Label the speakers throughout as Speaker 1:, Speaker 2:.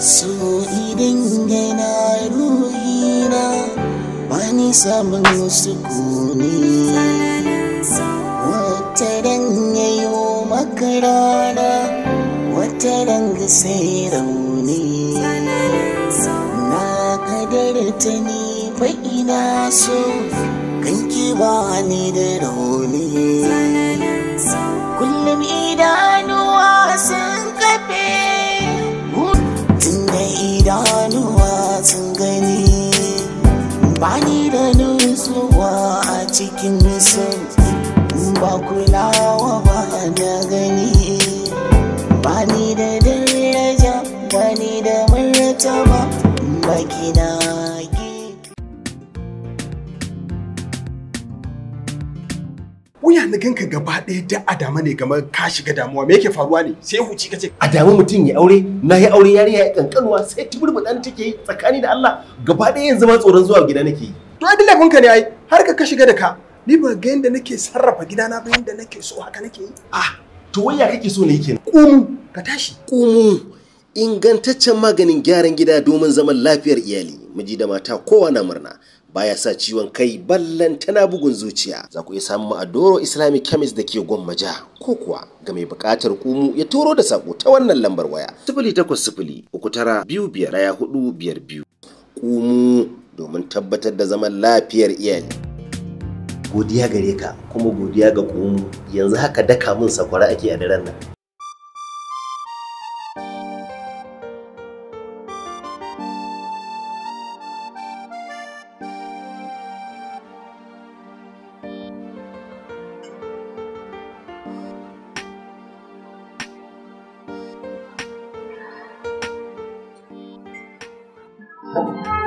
Speaker 1: so idan gaina ruhina wani samun kone, wata ran yayo maka rana wata ran sai rauni na kadarta ni fa ina so kan ki ba ni da rauni gina
Speaker 2: wuya na ganka gaba ɗaya da adama ne kamar ka shiga damuwa me yake faruwa ne sai huci kace adama mutum ya aure na ya aure yarinya ya kankanuwa sai ɗan take yi tsakani da Allah gaba ɗaya yanzu ma tsoron zuwa gida nake yi to ai laifin ka ne ai har ka shiga da ka ni ba ga yanda nake sarrafa gida gidana ba yanda nake so haka nake yi ah to wayya kake so ne yake kumu ka tashi kumu ingantaccen maganin gyaran gida domin zaman lafiyar iyali miji da mata kowa na murna baya sa ciwon kai ballan tana bugun zuciya za ku iya samu a doro islamic chemist da ke Gwamma gwammaja ko kuwa ga mai buƙatar kumu ya turo da sako ta wannan lambar waya sifili takwas sifili uku tara biyu biyar ɗaya hudu biyar biyu kumu domin tabbatar da zaman lafiyar iyali godiya gare ka kuma godiya ga kumu yanzu haka daka mun sakwara ake a daren nan Thank you.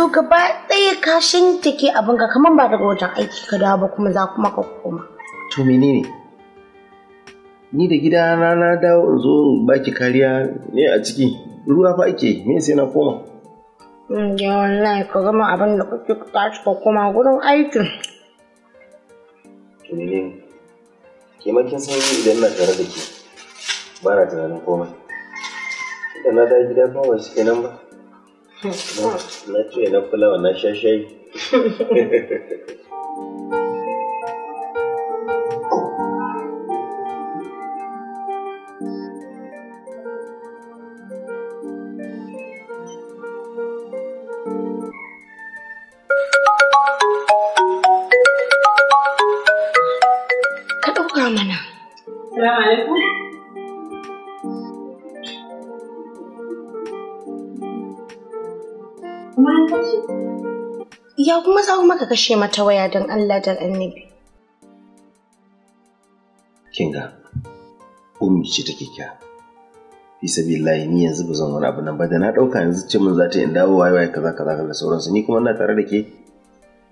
Speaker 3: so gaba ɗaya ka shintake abin ka kamar ba daga wajen aiki ka dawo ba kuma za kuma ka koma.
Speaker 2: To menene? Ni da gida na na dawo in zo baki kariya ne a ciki ruwa fa ake me sai na koma.
Speaker 3: Mm, ya wallahi ka gama abin da kuke ka tashi ka koma gurin aikin.
Speaker 2: To menene? Ke ma kin san idan na tare da ke ba na tunanin komai. Idan na dawo gida ba ba shi kenan ba. Na ce na kula wannan shashai.
Speaker 3: kashe mata waya don Allah da annabi.
Speaker 2: Kinga, ummi ce take kya. Fi ni yanzu ba zan wani abu nan ba da na ɗauka yanzu ce mun za ta in dawo waye waye kaza kaza da sauransu ni kuma ina tare da ke.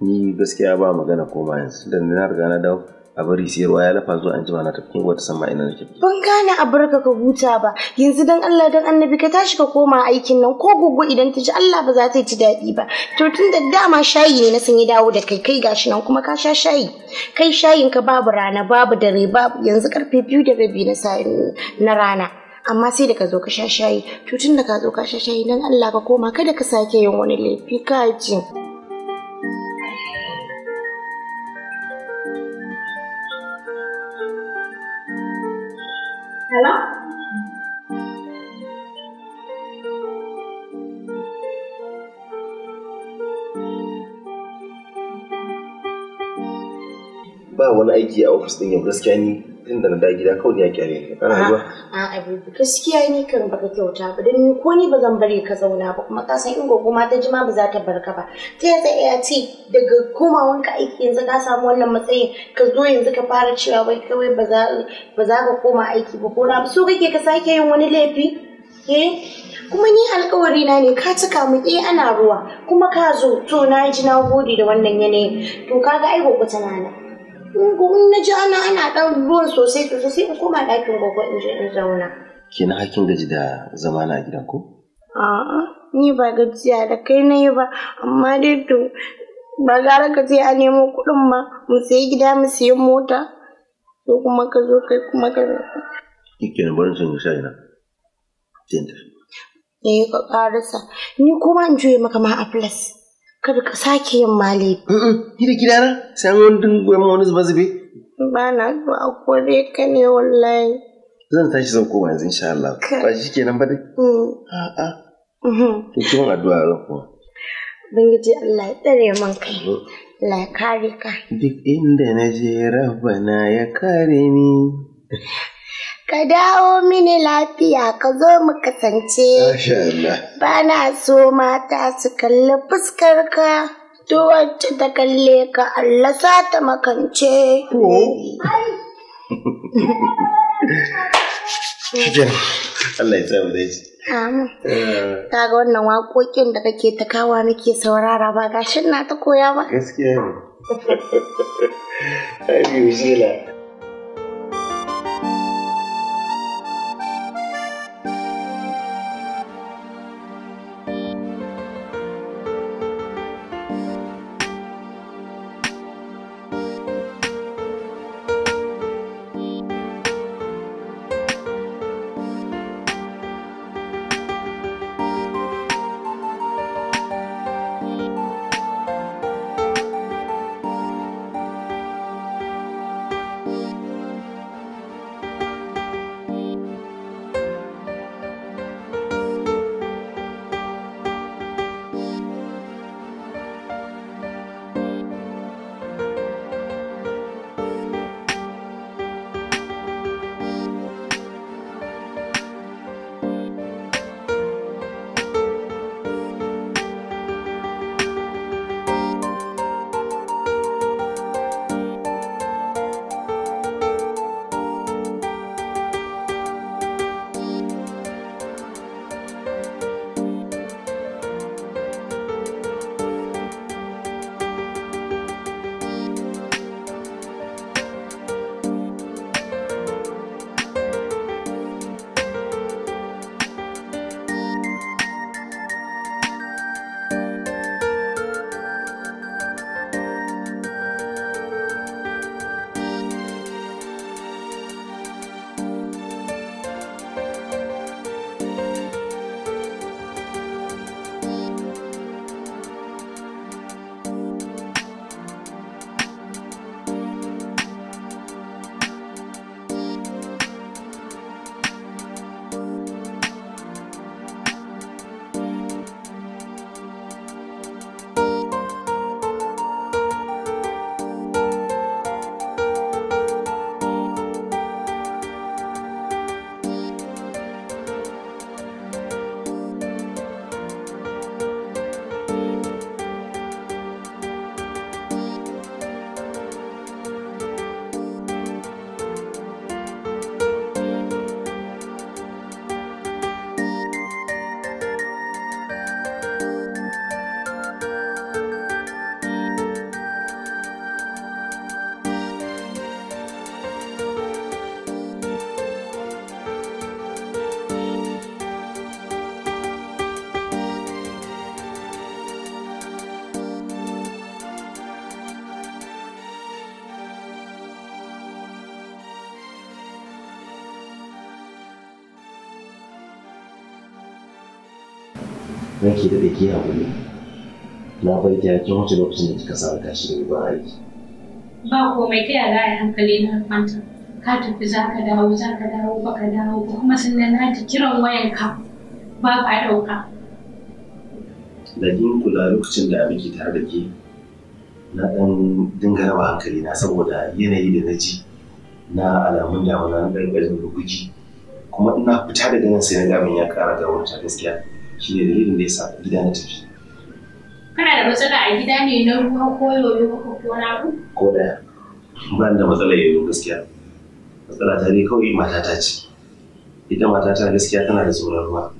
Speaker 2: Ni gaskiya ba magana koma yanzu da na riga na dawo. a bari ruwa ya lafa zuwa an jima na tafi wata sama ina nake
Speaker 3: ban gane a barka ka huta ba yanzu dan Allah dan annabi ka tashi ka koma aikin nan ko gugu idan ta ji Allah ba za ta ji daɗi ba to tun da dama shayi ne na san ya dawo da kai kai gashi nan kuma ka sha shayi kai shayin ka babu rana babu dare babu yanzu karfe biyu da rabi na na rana amma sai da ka zo ka sha shayi to tun da ka zo ka sha shayi dan Allah ka koma kada ka sake yin wani laifi ka ji
Speaker 4: Ba, nak IG
Speaker 2: aku first thing yang first ni tun na da gida kawai ni kana
Speaker 3: a gaskiya ni kan baka kyauta ba dan ko ni ba zan bari ka zauna ba kuma ka san in gogo ta ji ma ba za ta barka ba ta yasa ya ce daga komawan ka aiki yanzu ka samu wannan matsayin ka zo yanzu ka fara cewa wai kawai ba za ba za ka koma aiki ba ko na so kake ka sake yin wani laifi eh kuma ni alkawari na ne ka cika mu eh ana ruwa kuma ka zo to na ji na gode da wannan yanayin to kaga ai gogo tana in na ji ana ana dan ruwan sosai sosai sai in koma ɗakin gwagwa in je in zauna.
Speaker 2: Kenan hakin gaji da zama na gidan ko?
Speaker 3: A'a, ni ba gajiya da kai na yi ba, amma dai to ba gara ka je a nemo kuɗin ba, mu sayi gida mu sayi mota ko kuma ka zo kai kuma ka zo.
Speaker 2: Kenan barin sun sha ina. Tinta.
Speaker 3: Eh ka ƙarasa, ni kuma in juye maka ma a plus. kada ka sake yin mali. Gida gida na sai wani dungoyen wani zuba zube. Ba na zuwa kore ka ne wallahi.
Speaker 2: Zan tashi zan koma yanzu insha Allah. Ba shi kenan ba dai.
Speaker 3: Mm. A'a. Mm-hmm.
Speaker 2: To kin addu'a ran kuma.
Speaker 3: Bangiji Allah ya tsare man kai. Allah ya kare ka.
Speaker 2: Duk inda na je Rabbana ya kare ni.
Speaker 3: Ka dawo mini lafiya ka zo mu kasance. Ba na so mata su kalli fuskar ka. wacce ta kalle ka Allah sa ta makance.
Speaker 2: Allah ya sa mu eh.
Speaker 3: Ta ga wannan waƙoƙin da kake ta kawa nake saurara ba gashin na ta koya ba.
Speaker 2: Gaskiya ne. Ai, biyu
Speaker 1: don ki daɗe ki haƙuri
Speaker 2: na bai ta yakin wuce lokacin da kika samu tashi daga gurin aiki.
Speaker 4: ba komai ta yara ya hankali na ka tafi za ka dawo za ka dawo ba ka dawo ba kuma sannan na ta kiran wayan ka ba ka ɗauka.
Speaker 2: da kin kula lokacin da muke tare da ke na ɗan dinga raba hankali na saboda yanayi da na ji na alamun damuna na ɗan rubuci kuma ina fita daga nan sai na gamin ya ƙara gawar gaskiya shi ne dalilin da ya sa gida na tafi
Speaker 4: kana da matsala a gida ne na ruwa ko yoyo ko ko na abu
Speaker 2: ko daya ba da matsala yoyo gaskiya matsala ta ne kawai matata ce ita matata gaskiya tana da tsoron ruwa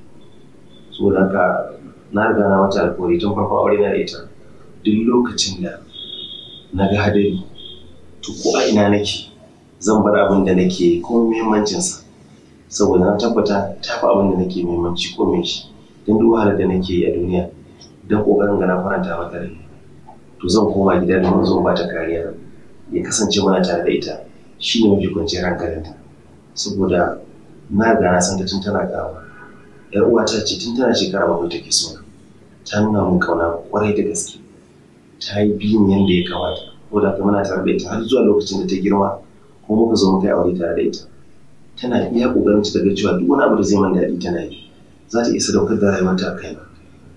Speaker 2: saboda haka na riga na mata alƙawari tun farko aure na ita duk lokacin da na ga hadari to ko a ina nake zan bar abin da nake ko muhimmancinsa saboda na tabbata ta fi abin da nake muhimmanci ko me shi cikin duk wahalar da nake yi a duniya idan ƙoƙarin ga na faranta mata rai to zan koma gida domin zo ba ta kariya ya kasance mana tare da ita Shi ne mafi kwanciyar hankalinta saboda na ga na san ta tun tana ƙawa yar uwata ce tun tana shekara bakwai take so ta nuna mun kauna kwarai da gaske ta yi biyun yadda ya kamata ko da muna tare da ita har zuwa lokacin da ta girma ko muka zo muka yi aure tare da ita tana iya ƙoƙarin ta ga cewa duk wani abu da zai man daɗi tana yi za ta iya sadaukar da rayuwarta a kai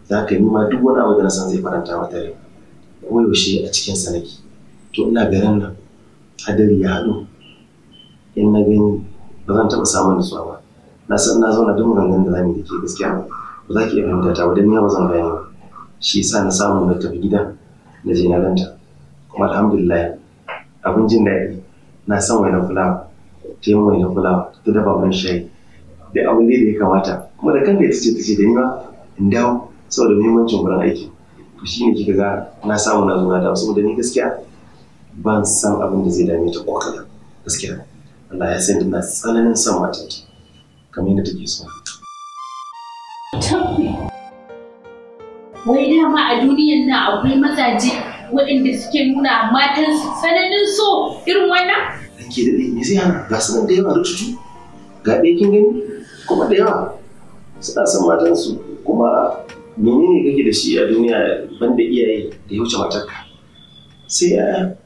Speaker 2: za ka yi ma duk wani abu da na san zai faranta mata rai koyaushe a cikin sanaki to ina garin nan hadari ya haɗu in na gani ba zan taɓa samun nutsuwa ba na san na zauna duk maganganun da za mu yi ke gaskiya ba za ki iya fahimta ta wadda ni ba zan gane ba shi yasa na samu na tafi gida na je na ranta kuma alhamdulillah abin jin daɗi na san wai na fulawa ta yi na fulawa ta dafa shayi da abin da ya kamata kuma da kanta ita ce ta ce da ni ma in dawo saboda muhimmancin wurin aiki to ne kika ga na samu na zuna da dawo saboda ni gaskiya ban san abin da zai dame ta ko gaskiya Allah ya san ina tsananin son mata ta kamar yadda take so
Speaker 4: wai dama a duniyan nan akwai mazaje waɗanda suke nuna matan tsananin so irin wannan
Speaker 2: da daɗe ne sai hana ga sanar nan da yawa rututu ga ɗaya kin gani kuma da yawa suna son matansu kuma menene kake da shi a duniya banda iyaye da ya wuce matarka sai yaya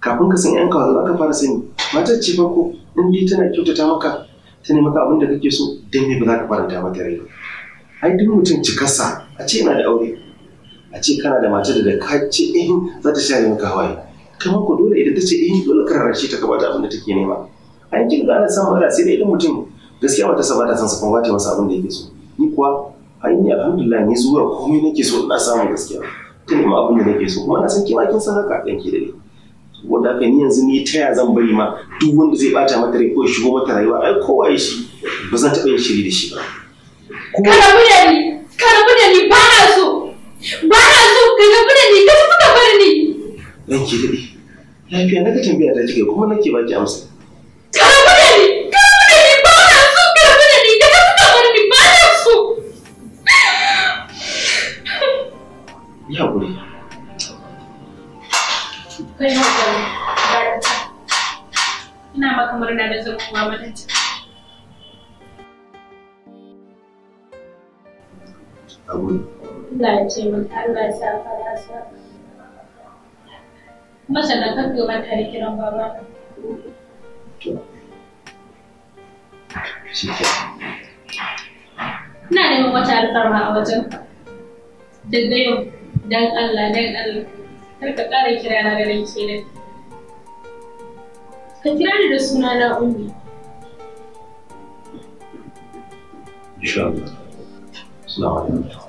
Speaker 2: kafin ka san yan kawo za ka fara sani matar ce farko in dai tana kyautata maka ta ne maka abin da kake so dan ne ba za ka faranta mata rai ai duk mutum cikarsa a ce yana da aure a ce kana da matar da ka ce eh za ta share maka hawaye kamar ku dole idan ta ce eh dole ka rarrashe ta ka bata abin da take nema an kin ga ana san mara sai da idan mutum gaskiya wata ba ta san sa wata wasu abin da yake so ni kuwa a yi ni alhamdulillah ni zuwa komai nake so ina samu gaskiya ta nema abin da nake so kuma na san kima kin san haka ɗan ke da ni wanda haka ni yanzu ni ta ya zan bari ma duk wanda zai bata mata rai ko ya shigo mata rayuwa ai kowa ya shi ba zan taɓa yin shiri da shi ba.
Speaker 4: Ka rabu da ni, da ni ba na so, ba na so ka rabu da ni ka tafi ka bar ni. Ranki daɗi, lafiya na ka tambaya
Speaker 2: ta jiga kuma nake baki amsa.
Speaker 4: kaburi Allah ya ce maka Allah ya sa masa da kan gaba ta yi kiran baba ina neman wata alfarma a wajen Da yau dan Allah dan Allah kar ka ƙara kira na da ranke ka kira ni da suna na ummi
Speaker 2: insha Allah assalamu alaikum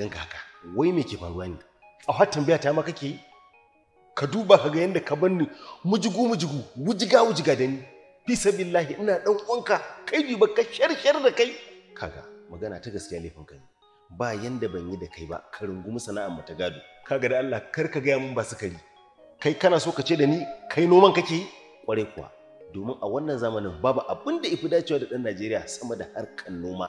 Speaker 2: ganka haka wai me ke faruwa ne a har tambaya ta ma kake ka duba ka ga yanda ka bar mujigu mujigu wujiga wujiga da ni fi sabillahi ina dan uwanka kai bi baka sharshar da kai kaga magana ta gaskiya laifin kai. ba yanda ban yi da kai ba ka rungumi sana'ar mu ta gado kaga da Allah kar ka gaya mun ba sukari kai kana so ka ce da ni kai noman kake yi kwarai kuwa domin a wannan zamanin babu abin da ifi dacewa da ɗan Najeriya sama da harkar noma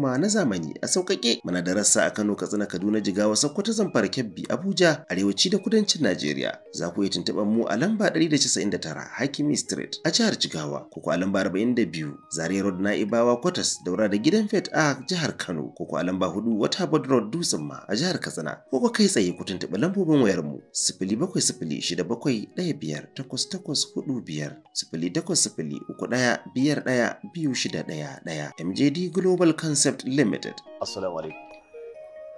Speaker 2: noma na zamani a sauƙaƙe mana da rassa a Kano Katsina Kaduna Jigawa Sokoto Zamfara Kebbi Abuja arewaci da kudancin Najeriya za ku iya tuntuɓar mu a lamba da 199 Hakimi Street a jihar Jigawa ko a lamba 42 Zaria Road Naibawa Kwatas daura da gidan Fet a jihar Kano ko a lamba wata Waterboard Road Dutsen ma a jihar Katsina ko kai tsaye ku tuntuɓi lambobin wayar mu 0706715845 0800 315 biyu shida ɗaya ɗaya MJD Global Concept Concept Limited. Assalamu alaikum.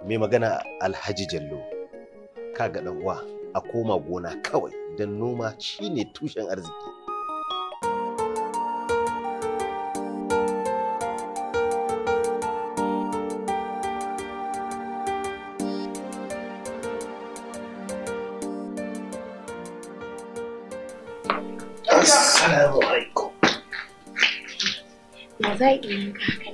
Speaker 2: Me magana Alhaji Jallo. Kaga dan uwa a koma gona kawai dan noma shine tushen arziki.
Speaker 1: Assalamu alaikum.
Speaker 3: Ya za yi haka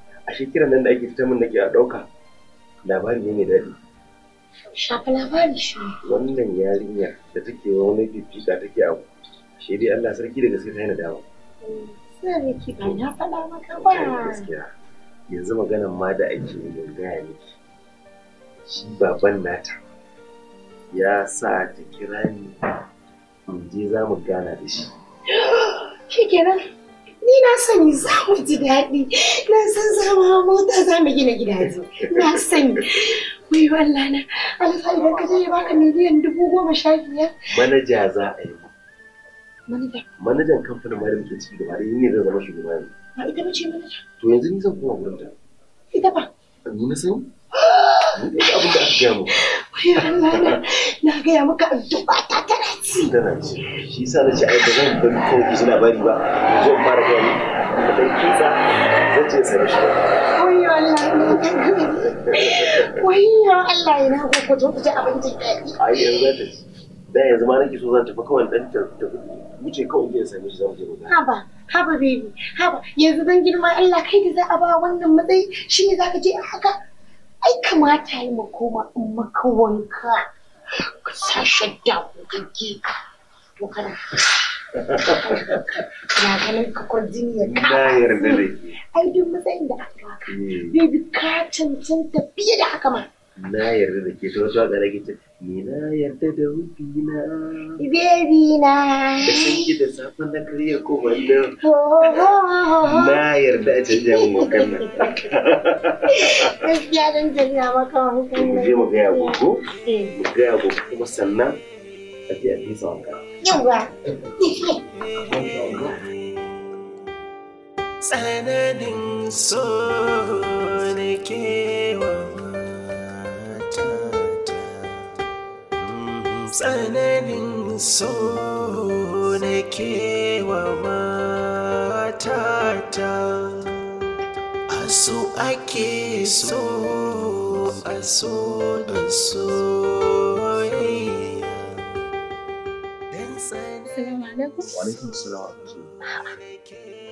Speaker 2: A kiran nan da ake fita min nake a ɗauka labari ne mai daɗi
Speaker 3: shafa labari shi
Speaker 2: wannan yarinya da take wani fifika take abu shi dai Allah sarki da gaske ta yi yana dawo
Speaker 3: sarki ba na faɗa maka ba gaskiya
Speaker 2: yanzu maganan ma da ake yin gaya miki shi baban nata ya sa ta kira ni in je za mu gana da shi
Speaker 3: shi kenan Ni na sani za mu ji daɗi, na san za mu hau mota za mu gina gidaje, na sani. Wai Allah na, Alfa idan ka je ya baka miliyan dubu goma sha biyar.
Speaker 2: Manaja za a yi. Manaja? Manajan kamfanin mai da muke ciki da da ne zai zama shugaba yanzu.
Speaker 3: Ba ita ba ce manaja.
Speaker 2: To yanzu ni zan koma gurin ta. Ita ba. Ni na sani. Ni abin da aka gaya mu.
Speaker 3: Wai Allah na, na gaya maka addu'a
Speaker 2: ta ta tana ci shi yasa na ce ai ba zan bari kawai ki ji labari ba Zan in fara gani da dan kitsa zan je sai shi
Speaker 3: wayyo Allah wayyo Allah ya na ko to ku ci abinci ai yanzu za ta
Speaker 2: ci da yanzu ma nake so zan tafi kawai dan ta wuce kawai je sai shi zan je
Speaker 3: ba haba haba baby haba yanzu zan girma Allah kai da za a ba wannan matsayi shi shine zaka je a haka ai kamata yi makoma in maka wanka ka sa shadda gogagge to kana na ganin ka kwarjin ya ka na yarda da ke ai duk matsayin da aka baka eh. baby ka cancanta fiye da haka ma
Speaker 2: na yarda da ke ta wasu waƙa nake Nina ni na yarda da wufi na
Speaker 3: da
Speaker 2: sun da da safon na karya ko wanda na yarda a canja mu wakan nan
Speaker 3: gaskiya don canja maka wakan nan mu je
Speaker 2: mu gaya gogo eh. mu gaya gogo kuma sannan a je a sa wanka
Speaker 1: yawa tsananin so ne kewa tsananin so na kewa matata a so ake so a so a so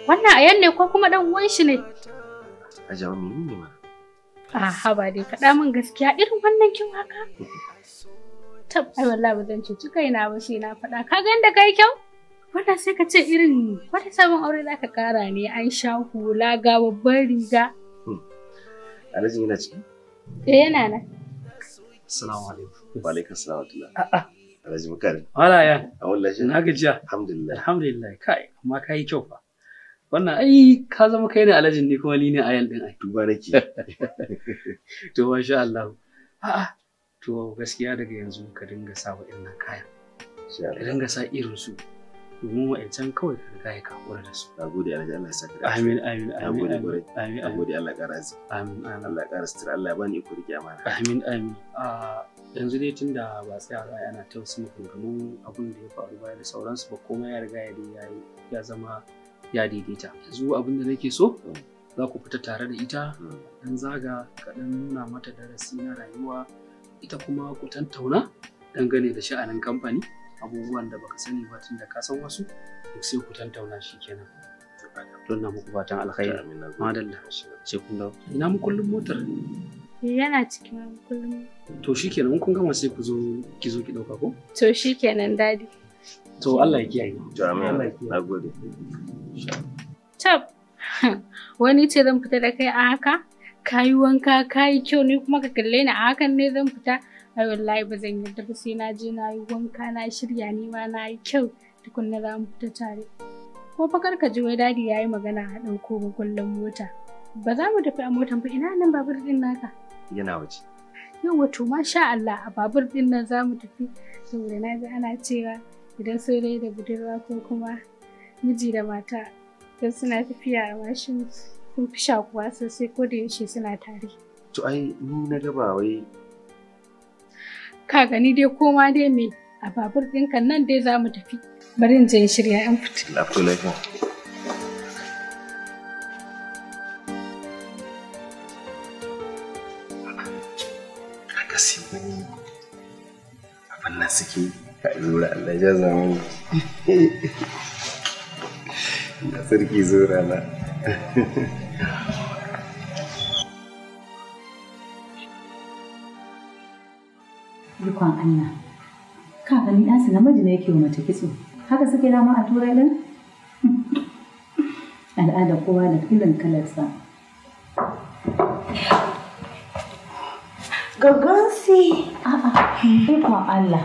Speaker 4: Wannan ayan ne ko kuma ɗan uwan shi ne?
Speaker 2: A jami'in ne ma.
Speaker 4: dai faɗa min gaskiya irin wannan kin haka. tab ai wallahi ba zan ci. kaina ba sai na faɗa ka ga inda kai kyau wanda sai ka ce irin wata sabon aure za ka kara ne an sha hula ga babban riga
Speaker 5: hmm. alhaji yana ciki eh yana nan assalamu alaikum wa alaikum assalam a'a ah, ah. alhaji mukari wala ya a wallahi na gajiya alhamdulillah alhamdulillah kai amma kai kyau fa wannan ai ka zama kai ne alhajin ne kuma ni ne ayal din ai duba nake to masha Allah a'a ah, to gaskiya daga yanzu ka dinga sa waɗannan kayan ka dinga sa irin su domin can kawai ka riga ya kakura da su. a gode Allah Allah saka. Amin amin amin. Amin a gode Allah kara arziki. Amin amin. Allah ƙara sutura Allah bani iko rike amana. Amin amin. yanzu dai tun da ba tsaya ba ana ta wasu maganganun abin da ya faru bayan da sauransu ba komai ya riga ya ya zama ya daidaita. Yanzu abin da nake so mm. za ku fita tare da ita, mm. dan zaga, ka nuna mata darasi na rayuwa, ita kuma ku tattauna dangane da sha'anin kamfani abubuwan da baka sani ba tun da ka san wasu duk sai ku tattauna shi kenan don na muku fatan alkhairi madalla sai kun dawo ina mu kullum motar
Speaker 4: yana cikin kullum
Speaker 5: to shikenan kun gama sai ku zo ki zo ki dauka ko
Speaker 4: to shikenan dadi
Speaker 5: to Allah ya kiyaye to amin nagode
Speaker 4: tab wani ce zan fita da kai a haka ka yi wanka ka yi kyau ni kuma ka kalle ni a hakan ne zan fita ai wallahi ba zan yarda ba sai na je na yi wanka na shirya ni ma na yi kyau tukunna za mu fita tare ko fa kar ka ji wai dadi yayi magana a ɗauko ba kullum mota ba za mu tafi a motan ba ina nan babur din naka yana waje yau wato masha Allah a babur din nan za mu tafi saboda na ji ana cewa idan saurayi da budurwa ko kuma miji da mata don suna tafiya a mashin sun fi shakuwa sosai ko da yaushe suna tare.
Speaker 2: To ai ni na ga wai.
Speaker 4: Ka gani dai koma dai me a babur ɗinka nan dai za mu tafi. Bari in je in shirya yan
Speaker 2: fita. Lafiya lafiya.
Speaker 1: Haka sai wani abin nan suke
Speaker 2: ka zura Allah ya zamani. Na sarki zura na.
Speaker 6: Rukon Allah, ka gani ɗansu namiji ne yake wa mace kitso, haka suke dama a turai ɗin? Al'ada kowa da filin kalarsa. Gagansi! A'a, rukon Allah.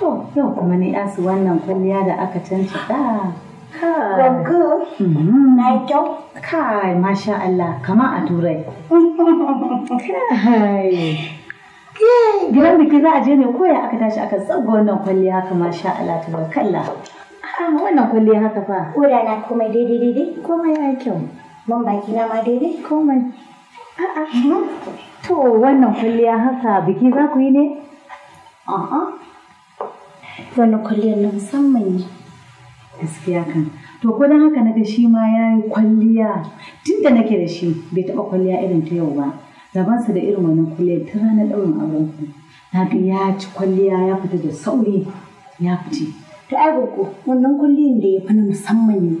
Speaker 6: To, yau kuma ni ɗansu wannan kwalliya da aka ɗaya. Gwaggo. Na kyau. Kai, masha Allah, kama a turai. Kai. Gidan biki za a je ne koya aka tashi aka tsago wannan kwalliya haka masha Allah tabakalla. Ah, wannan kwalliya haka fa. Koda na komai daidai daidai. Komai ya kyau. Ban baki na ma daidai. Komai. A'a. Ah, ah. mm-hmm. To wannan kwalliya haka biki za ku yi ne? A'a. Wannan kwalliyar na musamman ne. gaskiya kan to ko don haka naga shi ma ya yi kwalliya tun da nake da shi bai taɓa kwalliya irin ta yau ba sa da irin wannan kulle ta ranar daurin auren ku naga ya ci kwalliya ya fita da sauri ya fice to ai ko wannan kulliyin da ya fi na musamman ne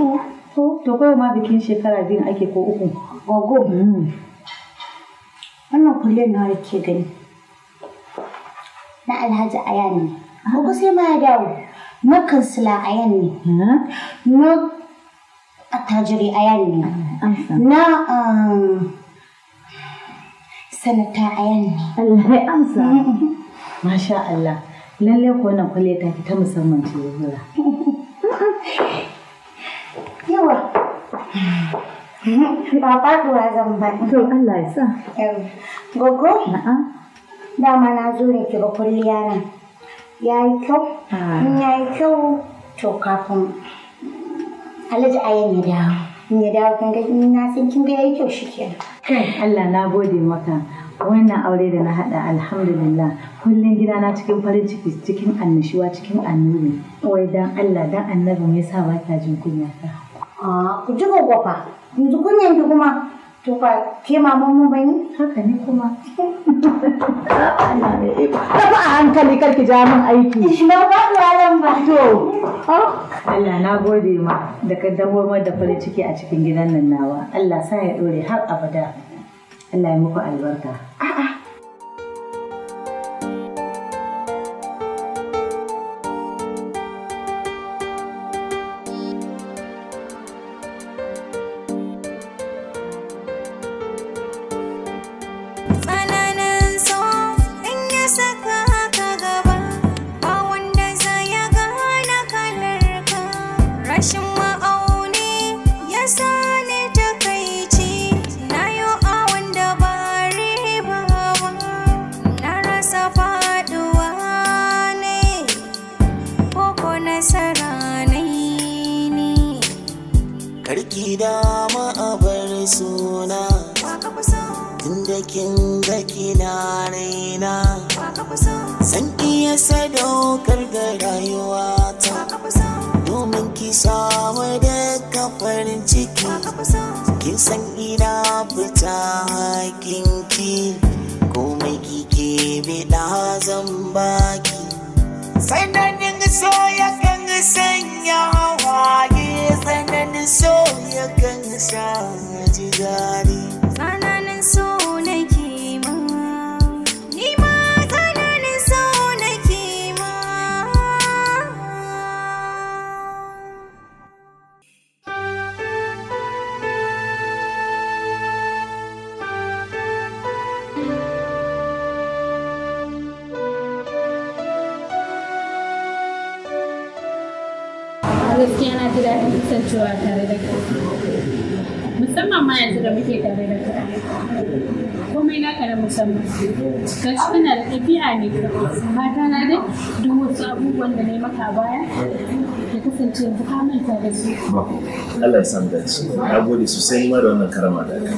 Speaker 6: oh. to ko ma bikin shekara biyu ake ko uku gogo hmm. wannan kulliyin na ke gani na alhaji aya ne ko ah. sai ma ya dawo sila نكنسل عيني نا التاجري عيني na um, sanata ayan ne. Allah ya amsa. Masha Allah. Lallai ko wannan kwalliya ta fi ta musamman ce Zuhura.
Speaker 3: Yawa. Ba faɗuwa zan ba. To Allah ya sa. Gogo? Na'am. Dama na zo ne ki ga kwalliya nan. ya yi kyau ah. in ya yi kyau to kafin alhaji ayan ya dawo in ya dawo kan gani na san kin ga yi kyau shikenan
Speaker 6: kai Allah na gode maka wannan aure da na haɗa alhamdulillah kullum gidana cikin farin ciki cikin annashuwa cikin annuri wai dan Allah dan annabi me yasa ba ta jin kunya ta
Speaker 3: a ah, ku ji gogofa yanzu kunyan ki kuma To fa ke maman mun bani, Haka ne kuma. Allah ne iba. Tafi a
Speaker 6: hankali kar ki ja min aiki. Ba ba yaran ba. To. Ah. Allah na gode ma da ka dawo da farin ciki a cikin gidan nan nawa. Allah sa ya dore har abada. Allah ya muku albarka. A'a.
Speaker 1: zan baki sananin so ya kan sanya waye, sananin so ya kan sa ji
Speaker 4: kasancewa tare da kai musamman ma yanzu da muke tare da kai komai naka da musamman ka ci kana da tafiya ne mata na dai duk wasu abubuwan da na yi maka baya ya kasance yanzu ka manta da su
Speaker 2: Allah ya samu dace na gode sosai ma da wannan karama da kai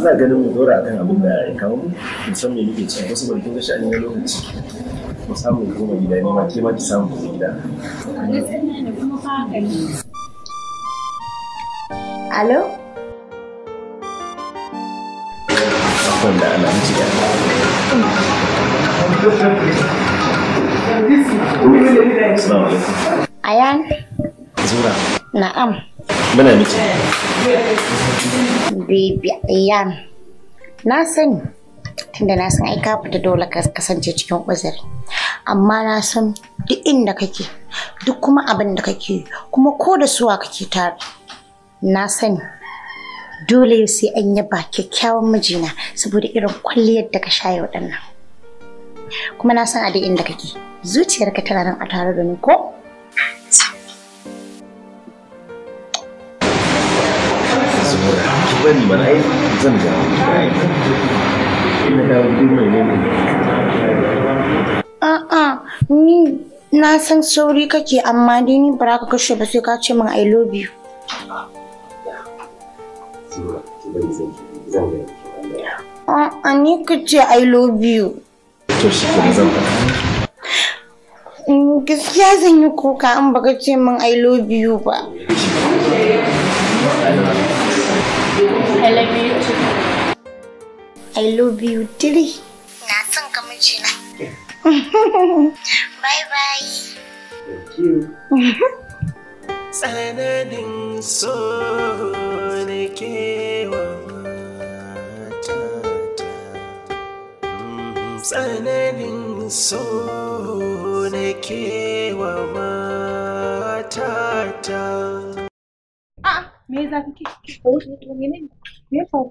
Speaker 2: ina ganin mu dora akan abin da ya kawo mu musamman yake cikin wasu barkin gashi a lokaci sambung pun bagi dia macam-macam sambung bagi dia Halo? Apa yang nak nak cik
Speaker 3: Ayan Zura Naam Mana ni cik? Bibi Ayan Nasa ni? tunda na san ai ka dole ka kasance cikin uzuri amma na san duk inda kake duk kuma abin da kake kuma ko da suwa kake tare na sani dole sai an yaba kyakkyawan mijina saboda irin kwalliyar da ka shaye nan kuma na san a duk inda kake zuciyarka tana nan a tare da ni ko
Speaker 2: bari ba
Speaker 1: zan dawo na mai
Speaker 3: ne ni na san sauri kake amma dai ni ba ka kashe ba sai ka ce min i love you a'a ni ka ce i love you mm, gaskiya zan yi kuka an baka ce min i love you ba I love you. I love you three. Na son ka mijina.
Speaker 1: Bye bye.
Speaker 3: Thank you.
Speaker 1: Tsananin so ne kewa mm, Tsananin so ne matata.
Speaker 4: Ah, me za ke? Me
Speaker 1: ya faru?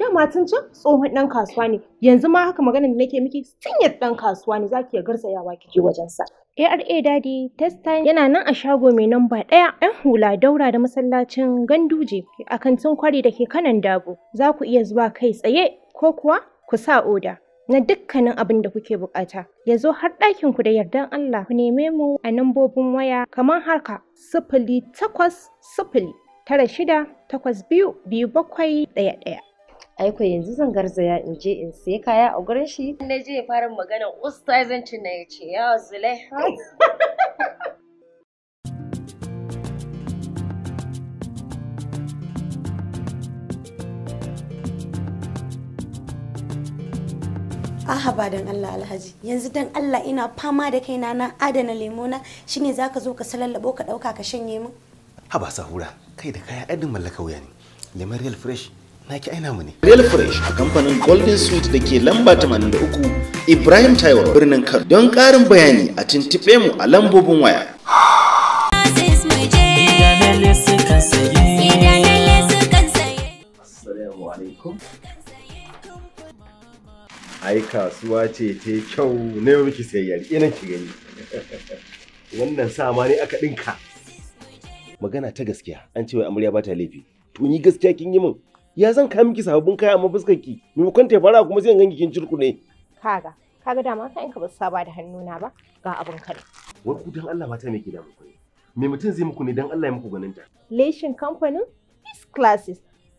Speaker 7: dama tun can tsohon ɗan kasuwa ne yanzu ma haka magana da nake miki sinyar ɗan kasuwa ne zaki ya garsayawa kike wajen sa ARA Daddy test time yana nan a shago mai namba ɗaya ‘yan hula daura da masallacin ganduje a kantin kwari da ke kanan dabo za ku iya zuwa kai tsaye ko kuwa ku sa oda na dukkanin abin da kuke bukata ya zo har ɗakin ku da yardan Allah ku neme mu a nambobin waya kamar haka sifili takwas sifili tara shida takwas biyu biyu bakwai ɗaya ɗaya aiko yanzu zan garzaya in je in sai kaya a gurin shi na je fara magana ustazancin na ya ce ya zule
Speaker 6: Aha ba dan Allah Alhaji yanzu dan Allah ina fama da kaina na adana lemona shine zaka zo ka salallabo ka dauka ka shanye min
Speaker 2: Haba sahura kai da kaya ɗan mallaka wuya ne lemon real fresh ki aina mu ne real fresh a kamfanin golden sweet da ke lamba 83 ibrahim taiwo birnin kano don ƙarin bayani a tintibe mu a lambobin waya ai kasuwa ce ta kyau ne miki sayayyar ina ki gani wannan sama ne aka dinka magana ta gaskiya an ce wai amarya ba ta laifi to ni gaskiya kin yi min ya san ka miki sababbin kaya amma fuskar ki kun ta fara kuma sai ganki kin ne.
Speaker 7: kaga kaga dama in ka ba su saba da hannuna ba ga abin kai
Speaker 2: wai ku dan Allah mata me ke da muku me mutum zai muku ne dan Allah ya muku ganin ta
Speaker 7: leshin kamfanin class classes